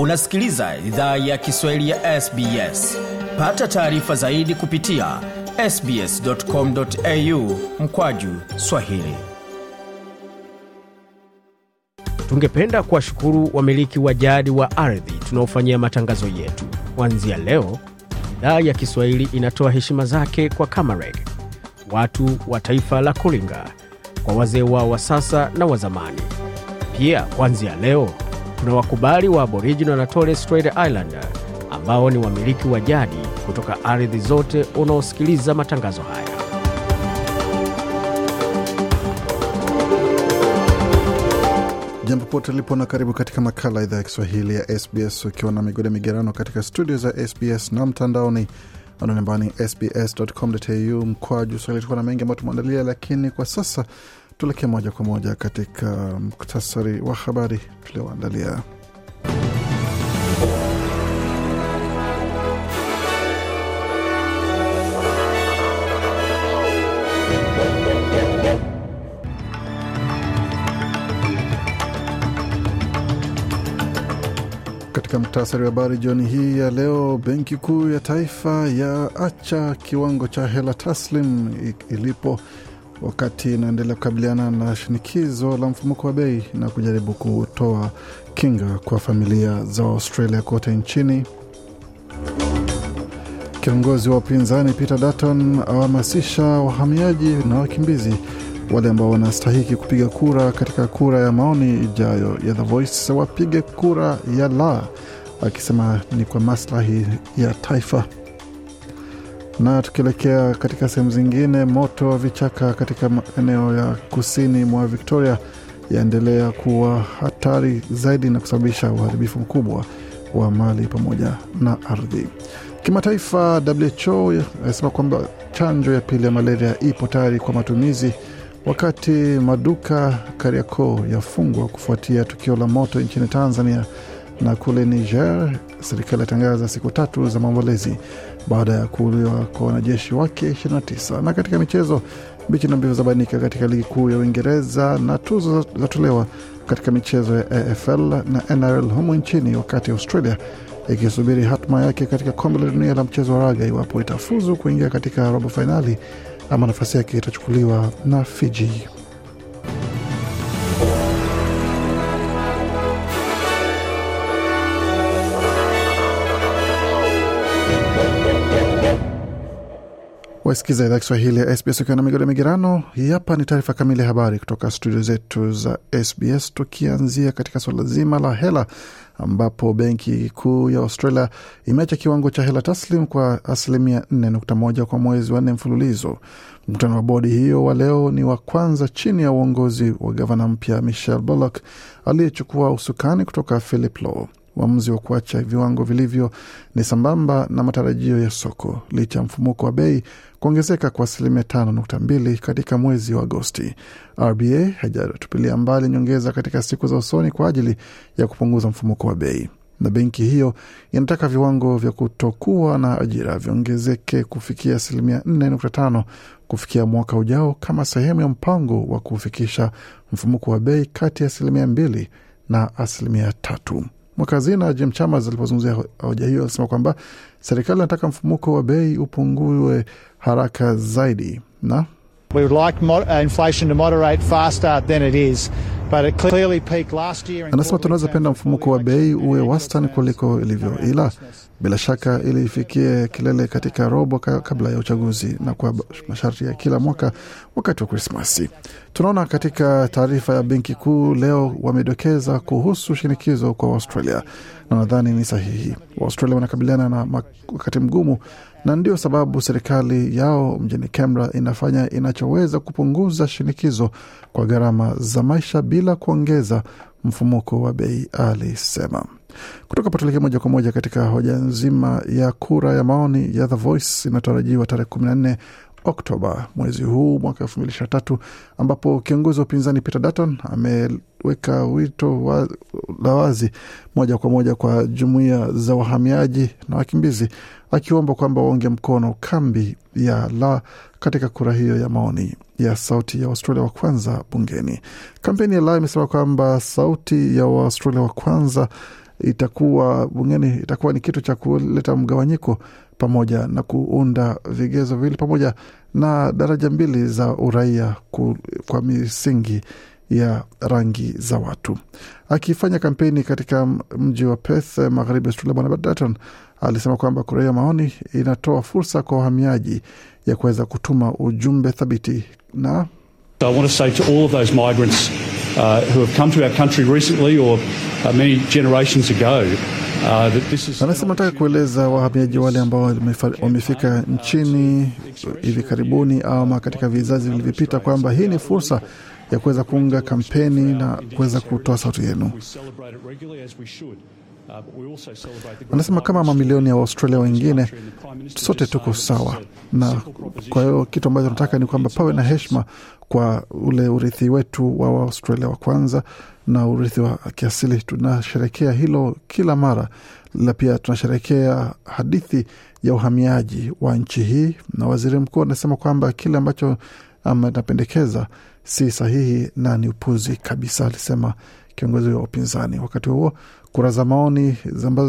unasikiliza idhaa ya kiswahili ya sbs pata taarifa zaidi kupitia sbscomau mkwaju swahili tungependa kuwashukuru wamiliki wa jadi wa ardhi tunaofanyia matangazo yetu kwanzia leo idhaa ya kiswahili inatoa heshima zake kwa kamareg watu wa taifa la kulinga kwa wazee wao wa sasa na wazamani pia kwanzia leo kuna wakubali wa Aboriginal na Torres Strait Islander ambao ni wamiliki wa jadi kutoka ardhi zote unaosikiliza matangazo haya. Jambo pote lipo na karibu katika makala idhaa ya Kiswahili ya SBS ukiwa na migode migerano katika studio za SBS na mtandaoni anwani ambao ni sbs.com.au mkwaju swahili. Tuko na mengi ambayo tumeandalia, lakini kwa sasa Tuelekee moja kwa moja katika muktasari wa habari tulioandalia. Katika muktasari wa habari jioni hii ya leo, Benki Kuu ya Taifa ya acha kiwango cha hela taslim ilipo wakati inaendelea kukabiliana na shinikizo la mfumuko wa bei na kujaribu kutoa kinga kwa familia za Australia kote nchini. Kiongozi wa upinzani Peter Dutton awahamasisha wahamiaji na wakimbizi wale ambao wanastahiki kupiga kura katika kura ya maoni ijayo ya The Voice wapige kura ya la, akisema ni kwa maslahi ya taifa. Na tukielekea katika sehemu zingine, moto wa vichaka katika eneo ya kusini mwa Victoria yaendelea kuwa hatari zaidi na kusababisha uharibifu mkubwa wa mali pamoja na ardhi. Kimataifa, WHO inasema kwamba chanjo ya pili ya malaria ipo tayari kwa matumizi, wakati maduka Kariakoo yafungwa kufuatia tukio la moto nchini Tanzania na kule Niger, serikali yatangaza siku tatu za maombolezi baada ya kuuliwa kwa wanajeshi wake 29. Na katika michezo, bichi na mbivu zabainika katika ligi kuu ya Uingereza na tuzo zatolewa katika michezo ya AFL na NRL humu nchini, wakati Australia ikisubiri hatima yake katika kombe la dunia la mchezo wa raga iwapo itafuzu kuingia katika robo fainali ama nafasi yake itachukuliwa na Fiji. Wasikiza idhaa Kiswahili ya SBS ukiwa na migodo migerano. Hii hapa ni taarifa kamili ya habari kutoka studio zetu za SBS, tukianzia katika suala zima la hela, ambapo benki kuu ya Australia imeacha kiwango cha hela taslim kwa asilimia 4.1 kwa mwezi wa nne mfululizo. Mkutano wa bodi hiyo wa leo ni wa kwanza chini ya uongozi wa gavana mpya Michelle Bullock aliyechukua usukani kutoka Philip Lowe. Uamuzi wa kuacha viwango vilivyo ni sambamba na matarajio ya soko licha ya mfumuko wa bei kuongezeka kwa asilimia nukta mbili katika mwezi wa Agosti. RBA haijatupilia mbali nyongeza katika siku za usoni kwa ajili ya kupunguza mfumuko wa bei na benki hiyo inataka viwango vya kutokuwa na ajira viongezeke kufikia asilimia tano kufikia mwaka ujao kama sehemu ya mpango wa kufikisha mfumuko wa bei kati ya asilimia mbili na asilimia tatu. Mweka hazina Jim Chalmers alipozungumzia hoja hiyo alisema kwamba serikali anataka mfumuko wa bei upunguwe haraka zaidi na We would like uh, inflation to moderate faster than it is. Anasema tunaweza penda mfumuko wa bei uwe wastani kuliko ilivyo, ila bila shaka ili ifikie kilele katika robo kabla ya uchaguzi na kwa masharti ya kila mwaka wakati wa Krismasi. Tunaona katika taarifa ya benki kuu leo wamedokeza kuhusu shinikizo kwa Australia na nadhani ni sahihi. Waustralia wanakabiliana na wakati mgumu na ndio sababu serikali yao mjini Canberra inafanya inachoweza kupunguza shinikizo kwa gharama za maisha bila kuongeza mfumuko wa bei, alisema. Kutoka patulekea moja kwa moja katika hoja nzima ya kura ya maoni ya The Voice inatarajiwa tarehe 14 Oktoba mwezi huu mwaka elfu mbili ishirini na tatu ambapo kiongozi wa upinzani Peter Dutton ameweka wito wa, la wazi moja kwa moja kwa jumuiya za wahamiaji na wakimbizi akiomba kwamba waunge mkono kambi ya la katika kura hiyo ya maoni ya sauti ya Waustralia wa kwanza bungeni. Kampeni ya la imesema kwamba sauti ya Waustralia wa kwanza itakuwa bungeni itakuwa ni kitu cha kuleta mgawanyiko pamoja na kuunda vigezo viwili pamoja na daraja mbili za uraia kwa misingi ya rangi za watu. Akifanya kampeni katika mji wa Perth, magharibi Australia, Bwana Dutton alisema kwamba kura ya maoni inatoa fursa kwa wahamiaji ya kuweza kutuma ujumbe thabiti na I Uh, anasema nataka kueleza wahamiaji wale ambao wamefika nchini hivi karibuni ama katika vizazi vilivyopita kwamba hii ni fursa ya kuweza kuunga kampeni na kuweza kutoa sauti yenu. Anasema kama mamilioni ya Waustralia wengine, sote tuko sawa, na kwa hiyo kitu ambacho tunataka ni kwamba pawe na heshima kwa ule urithi wetu wa Waustralia wa kwanza na urithi wa kiasili. Tunasherekea hilo kila mara, la pia tunasherekea hadithi ya uhamiaji wa nchi hii, na waziri mkuu anasema kwamba kile ambacho um, anapendekeza si sahihi na ni upuzi kabisa, alisema kiongozi wa upinzani. Wakati huo kura za maoni ambazo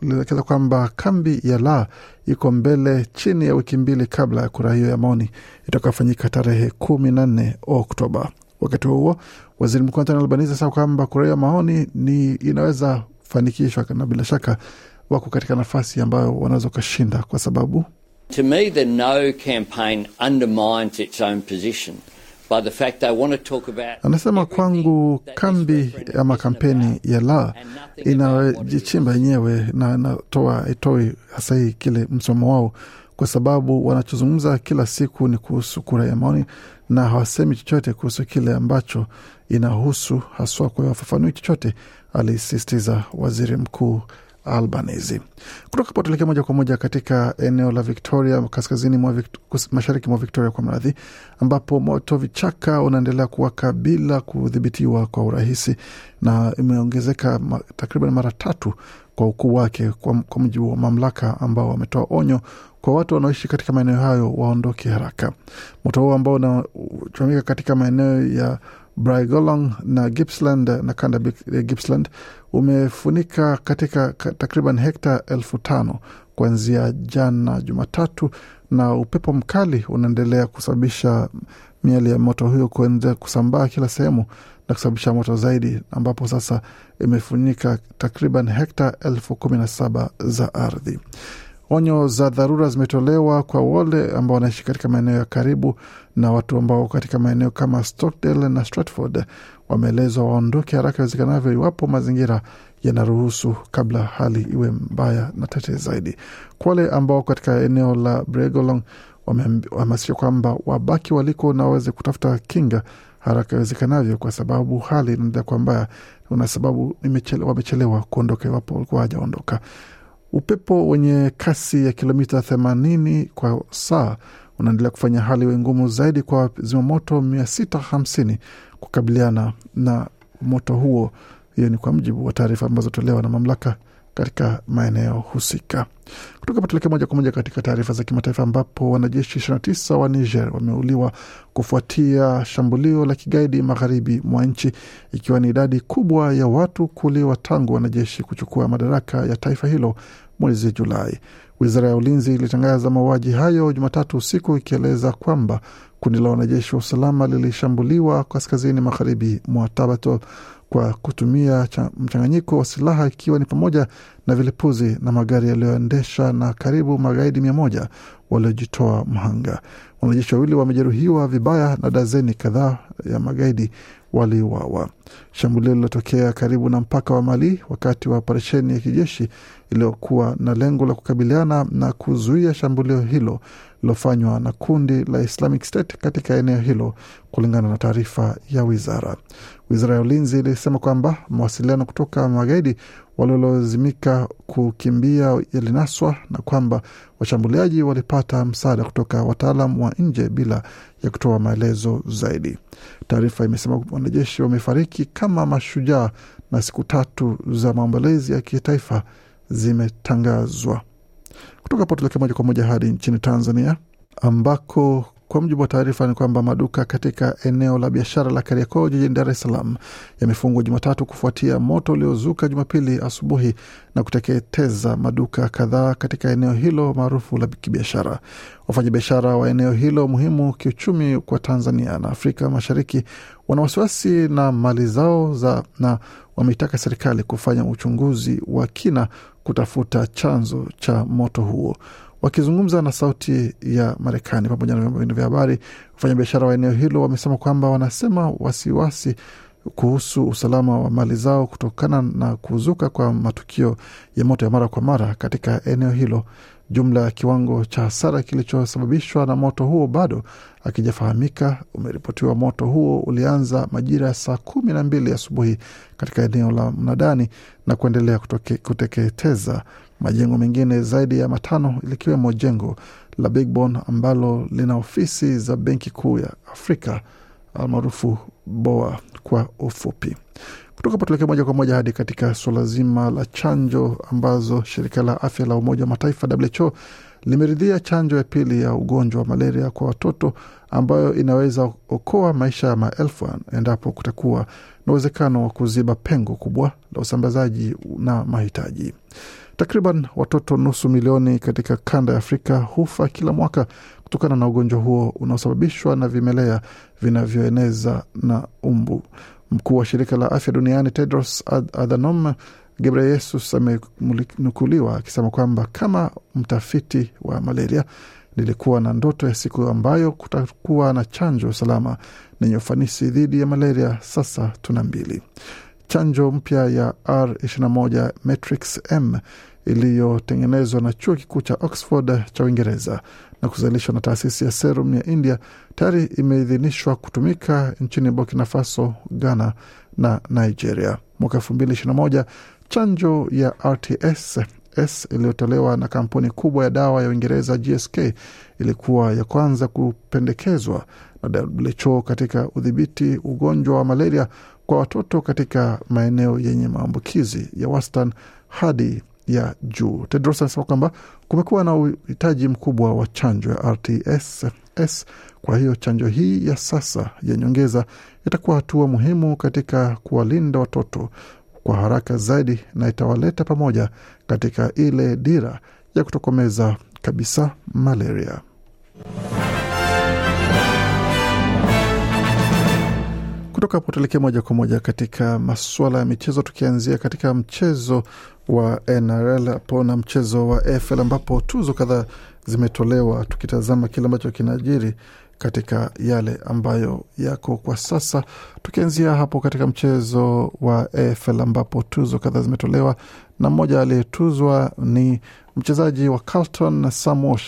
zimeelekeza kwamba kambi ya la iko mbele chini ya wiki mbili kabla ya kura hiyo ya maoni itakayofanyika tarehe kumi na nne Oktoba. Wakati huo waziri mkuu Antoni Albanese asema kwamba kura hiyo ya maoni ni inaweza fanikishwa na bila shaka wako katika nafasi ambayo wanaweza ukashinda kwa sababu To me, the no campaign undermines its own position. Anasema kwangu, kambi ama kampeni ya la inajichimba yenyewe na inatoa itoi hasahii kile msomo wao, kwa sababu wanachozungumza kila siku ni kuhusu kura ya maoni na hawasemi chochote kuhusu kile ambacho inahusu haswa, kwa wafafanui chochote, alisisitiza waziri mkuu Albanese. Kutoka hapo tuelekea moja kwa moja katika eneo la Victoria, kaskazini mwa Victor, mashariki mwa Victoria kwa mradhi, ambapo moto vichaka unaendelea kuwaka bila kudhibitiwa kwa urahisi na imeongezeka ma, takriban mara tatu kwa ukuu wake, kwa, kwa mujibu wa mamlaka ambao wametoa onyo kwa watu wanaoishi katika maeneo hayo waondoke haraka. Moto huo ambao unachomika katika maeneo ya Brigolong na Gippsland na kanda ya eh, Gippsland umefunika katika takriban hekta elfu tano kuanzia jana Jumatatu, na upepo mkali unaendelea kusababisha miali ya moto huyo kuendelea kusambaa kila sehemu na kusababisha moto zaidi, ambapo sasa imefunika takriban hekta elfu kumi na saba za ardhi. Onyo za dharura zimetolewa kwa wale ambao wanaishi katika maeneo ya karibu, na watu ambao katika maeneo kama Stockdale na Stratford wameelezwa waondoke haraka iwezekanavyo iwapo mazingira yanaruhusu, kabla hali iwe mbaya na tete zaidi. Kwa wale ambao katika eneo la Bregolong wamehamasisha kwamba wabaki waliko na waweze kutafuta kinga haraka iwezekanavyo, kwa sababu hali inaendelea kuwa mbaya. Una sababu wamechelewa kuondoka iwapo walikuwa hajaondoka. Upepo wenye kasi ya kilomita 80 kwa saa unaendelea kufanya hali iwe ngumu zaidi kwa zimamoto 650 kukabiliana na moto huo. Hiyo ni kwa mujibu wa taarifa ambazo tolewa na mamlaka katika maeneo husika. Kutoka patulekea moja kwa moja katika taarifa za kimataifa, ambapo wanajeshi 29 wa Niger wameuliwa kufuatia shambulio la kigaidi magharibi mwa nchi, ikiwa ni idadi kubwa ya watu kuuliwa tangu wanajeshi kuchukua madaraka ya taifa hilo mwezi Julai. Wizara ya ulinzi ilitangaza mauaji hayo Jumatatu usiku ikieleza kwamba kundi la wanajeshi wa usalama lilishambuliwa kaskazini magharibi mwa Tabato kwa kutumia mchanganyiko wa silaha ikiwa ni pamoja na vilipuzi na magari yaliyoendesha na karibu magaidi mia moja waliojitoa mhanga. Wanajeshi wawili wamejeruhiwa vibaya na dazeni kadhaa ya magaidi waliuawa. Shambulio lilotokea karibu na mpaka wa Mali wakati wa operesheni ya kijeshi iliyokuwa na lengo la kukabiliana na kuzuia shambulio hilo lilofanywa na kundi la Islamic State katika eneo hilo, kulingana na taarifa ya wizara. Wizara ya ulinzi ilisema kwamba mawasiliano kutoka magaidi waliolazimika kukimbia yalinaswa na kwamba washambuliaji walipata msaada kutoka wataalam wa nje bila ya kutoa maelezo zaidi. Taarifa imesema wanajeshi wamefariki kama mashujaa na siku tatu za maombolezi ya kitaifa zimetangazwa. Kutoka hapo tuelekea moja kwa moja hadi nchini Tanzania ambako kwa mujibu wa taarifa ni kwamba maduka katika eneo la biashara la Kariakoo jijini Dar es Salaam yamefungwa Jumatatu kufuatia moto uliozuka Jumapili asubuhi na kuteketeza maduka kadhaa katika eneo hilo maarufu la kibiashara. Wafanyabiashara wa eneo hilo muhimu kiuchumi kwa Tanzania na Afrika Mashariki wana wasiwasi na mali zao za na wameitaka serikali kufanya uchunguzi wa kina kutafuta chanzo cha moto huo. Wakizungumza na Sauti ya Marekani pamoja na vyombo vya habari, wafanyabiashara wa eneo hilo wamesema kwamba wanasema wasiwasi kuhusu usalama wa mali zao kutokana na kuzuka kwa matukio ya moto ya mara kwa mara katika eneo hilo. Jumla ya kiwango cha hasara kilichosababishwa na moto huo bado akijafahamika. Umeripotiwa moto huo ulianza majira ya saa kumi na mbili asubuhi katika eneo la mnadani na kuendelea kuteketeza majengo mengine zaidi ya matano likiwemo jengo la Bigborn ambalo lina ofisi za Benki Kuu ya Afrika almaarufu BOA kwa ufupi. Kutoka hapo tuelekee moja kwa moja hadi katika suala zima la chanjo ambazo shirika la afya la Umoja wa Mataifa WHO limeridhia chanjo ya pili ya ugonjwa wa malaria kwa watoto ambayo inaweza okoa maisha ya maelfu endapo kutakuwa na uwezekano wa kuziba pengo kubwa la usambazaji na mahitaji. Takriban watoto nusu milioni katika kanda ya Afrika hufa kila mwaka kutokana na ugonjwa huo unaosababishwa na vimelea vinavyoeneza na umbu. Mkuu wa shirika la afya duniani Tedros Adhanom Ghebreyesus amenukuliwa akisema kwamba kama mtafiti wa malaria, nilikuwa na ndoto ya siku ambayo kutakuwa na chanjo salama nenye ufanisi dhidi ya malaria. Sasa tuna mbili. Chanjo mpya ya R21 Matrix M iliyotengenezwa na chuo kikuu cha Oxford cha Uingereza na kuzalishwa na taasisi ya Serum ya India tayari imeidhinishwa kutumika nchini Burkina Faso, Ghana na Nigeria. Mwaka moja chanjo ya RTS S iliyotolewa na kampuni kubwa ya dawa ya Uingereza GSK ilikuwa ya kwanza kupendekezwa na WHO katika udhibiti ugonjwa wa malaria kwa watoto katika maeneo yenye maambukizi ya wastan hadi ya juu. Tedros anasema kwamba kumekuwa na uhitaji mkubwa wa chanjo ya RTS kwa hiyo chanjo hii ya sasa ya nyongeza itakuwa hatua muhimu katika kuwalinda watoto kwa haraka zaidi na itawaleta pamoja katika ile dira ya kutokomeza kabisa malaria. Kutoka hapo tuelekee moja kwa moja katika masuala ya michezo, tukianzia katika mchezo wa NRL hapo na mchezo wa AFL ambapo tuzo kadhaa zimetolewa, tukitazama kile ambacho kinaajiri katika yale ambayo yako kwa sasa, tukianzia hapo katika mchezo wa AFL ambapo tuzo kadhaa zimetolewa, na mmoja aliyetuzwa ni mchezaji wa Carlton na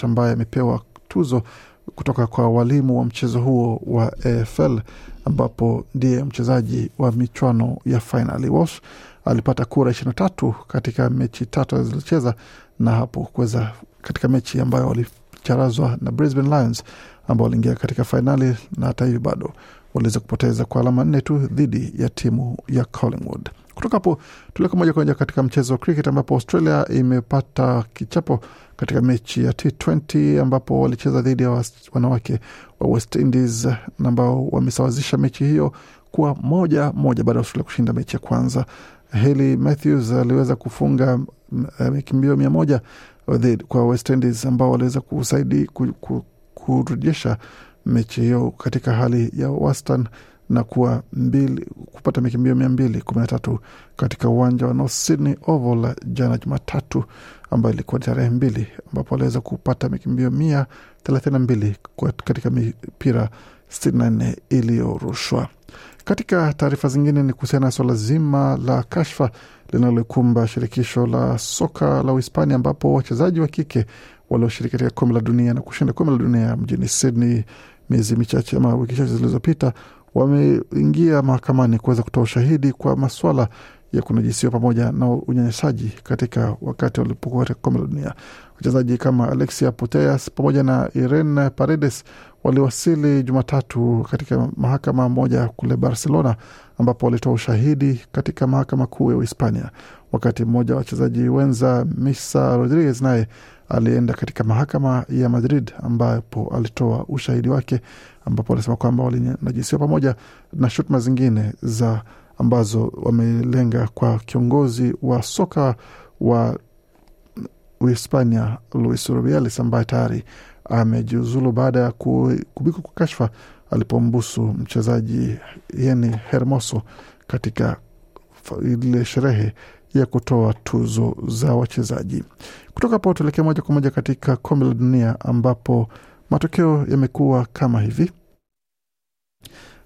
ambaye amepewa tuzo kutoka kwa walimu wa mchezo huo wa AFL ambapo ndiye mchezaji wa michwano ya fainali. Walsh alipata kura ishirini na tatu katika mechi tatu zilizocheza na hapo kuweza katika mechi ambayo walicharazwa na Brisbane Lions ambao waliingia katika fainali na hata hivi bado waliweza kupoteza kwa alama nne tu dhidi ya timu ya Collingwood. Kutoka hapo tuliweka moja kwa moja katika mchezo wa cricket ambapo Australia imepata kichapo katika mechi ya T20 ambapo walicheza dhidi ya wanawake wa West Indies ambao wamesawazisha mechi hiyo kuwa moja moja baada ya Australia kushinda mechi ya kwanza. Hayley Matthews aliweza kufunga mikimbio eh, mia moja eh, kwa West Indies ambao waliweza kusaidia kurejesha mechi hiyo katika hali ya wastani na kuwa mbili, kupata mikimbio mia mbili kumi na tatu katika uwanja wa North Sydney Oval jana Jumatatu, ambayo ilikuwa ni tarehe mbili, ambapo aliweza kupata mikimbio mia thelathini na mbili katika mipira 64 iliyorushwa. Katika taarifa zingine ni kuhusiana na swala zima la kashfa linalokumba shirikisho la soka la Uhispania, ambapo wachezaji wa kike walioshiriki katika kombe la dunia na kushinda kombe la dunia mjini Sydney miezi michache ama wiki chache zilizopita wameingia mahakamani kuweza kutoa ushahidi kwa maswala ya kunajisiwa pamoja na unyanyasaji katika wakati walipokuwa katika kombe la dunia. Wachezaji kama Alexia Putellas pamoja na Irene Paredes waliwasili Jumatatu katika mahakama moja kule Barcelona, ambapo walitoa ushahidi katika mahakama kuu ya Uhispania. Wakati mmoja wa wachezaji wenza Misa Rodriguez naye alienda katika mahakama ya Madrid ambapo alitoa ushahidi wake ambapo wanasema kwamba walinajisiwa pamoja na shutuma zingine za ambazo wamelenga kwa kiongozi wa soka wa Uhispania Luis Rubiales ambaye tayari amejiuzulu baada ya kubikwa kwa kashfa alipombusu mchezaji Yeni Hermoso katika ile sherehe ya kutoa tuzo za wachezaji. Kutoka po tuelekee moja kwa moja katika kombe la dunia ambapo Matokeo yamekuwa kama hivi.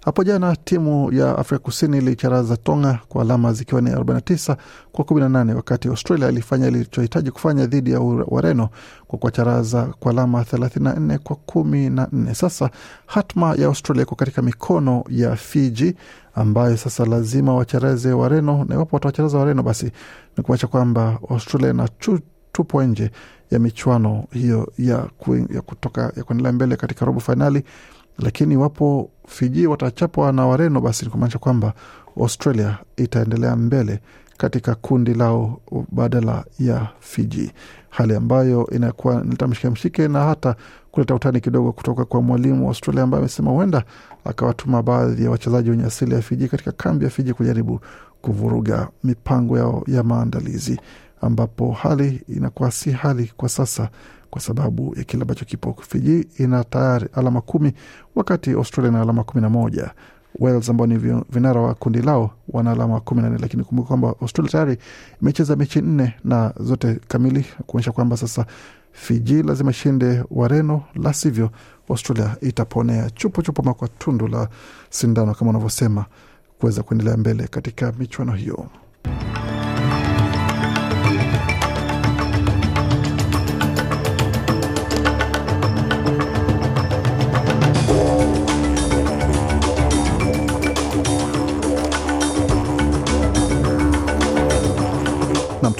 Hapo jana timu ya Afrika Kusini ilicharaza Tonga kwa alama zikiwa ni 49 kwa 18, wakati Australia ilifanya ilichohitaji kufanya dhidi ya Wareno kwa kuwacharaza kwa alama 34 kwa 14. Sasa hatma ya Australia iko katika mikono ya Fiji ambayo sasa lazima wacharaze Wareno, na iwapo watawachareza Wareno basi ni kuacha kwamba Australia na chuchu tupo nje ya michuano hiyo ya, ya kutoka ya kuendelea mbele katika robo fainali, lakini iwapo Fiji watachapwa na Wareno, basi ni kumaanisha kwamba Australia itaendelea mbele katika kundi lao badala ya Fiji, hali ambayo inakuwa inaleta mshike mshike na hata kuleta utani kidogo kutoka kwa mwalimu wa Australia ambaye amesema huenda akawatuma baadhi ya wachezaji wenye asili ya Fiji katika kambi ya Fiji kujaribu kuvuruga mipango yao ya maandalizi ambapo hali inakuwa si hali kwa sasa kwa sababu ya kile ambacho kipo. Fiji ina tayari alama kumi wakati Australia na alama kumi na moja. Wales ambao ni vinara wa kundi lao wana alama kumi na nne, lakini kumbuka kwamba Australia tayari imecheza mechi nne na zote kamili, kuonyesha kwamba sasa Fiji lazima shinde Wareno, la sivyo Australia itaponea chupo chupo makwa tundu la sindano, kama unavyosema, kuweza kuendelea mbele katika michuano hiyo.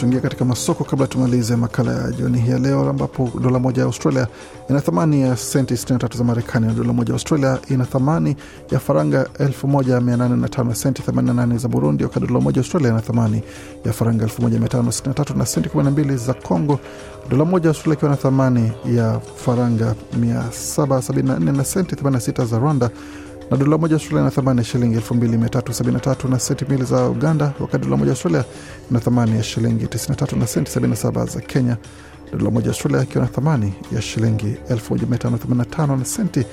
tuingia katika masoko kabla tumalize makala ya jioni hii ya leo, ambapo dola moja ya Australia ina thamani ya senti 63 za Marekani na dola moja ya Australia ina thamani ya faranga 1805 senti 88 za Burundi, wakati dola moja ya Australia ina thamani ya faranga 1563 na senti 12 za Congo, dola moja ya Australia ikiwa na thamani ya faranga 774 na senti 86 za Rwanda na dola moja Australia ina thamani ya shilingi 2373 na senti mbili za Uganda, wakati dola moja Australia ina thamani ya shilingi 93 na senti 77 za Kenya, dola moja Australia ikiwa na thamani ya shilingi 1585 na senti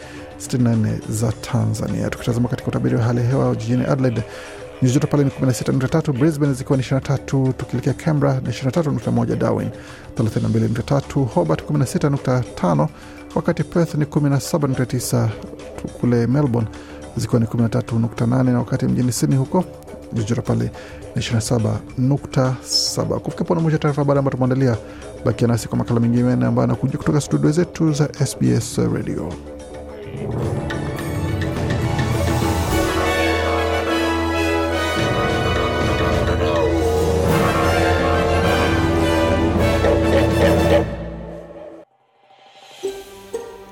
64 za Tanzania. Tukitazama katika utabiri wa hali ya hewa jijini Adelaide nyuzi joto pale ni 16.3, Brisbane zikiwa ni 23, tukielekea Canberra ni 23.1, Darwin 32.3, Hobart 16.5, wakati Perth ni 17.9 kule Melbourne zikiwa ni 13.8 na wakati mjini Sydney huko joto pale ni 27.7. Kufika pona mwisho taarifa habari ambayo tumeandalia. Bakia nasi kwa makala mengine ambayo anakuja kutoka studio zetu za SBS Radio.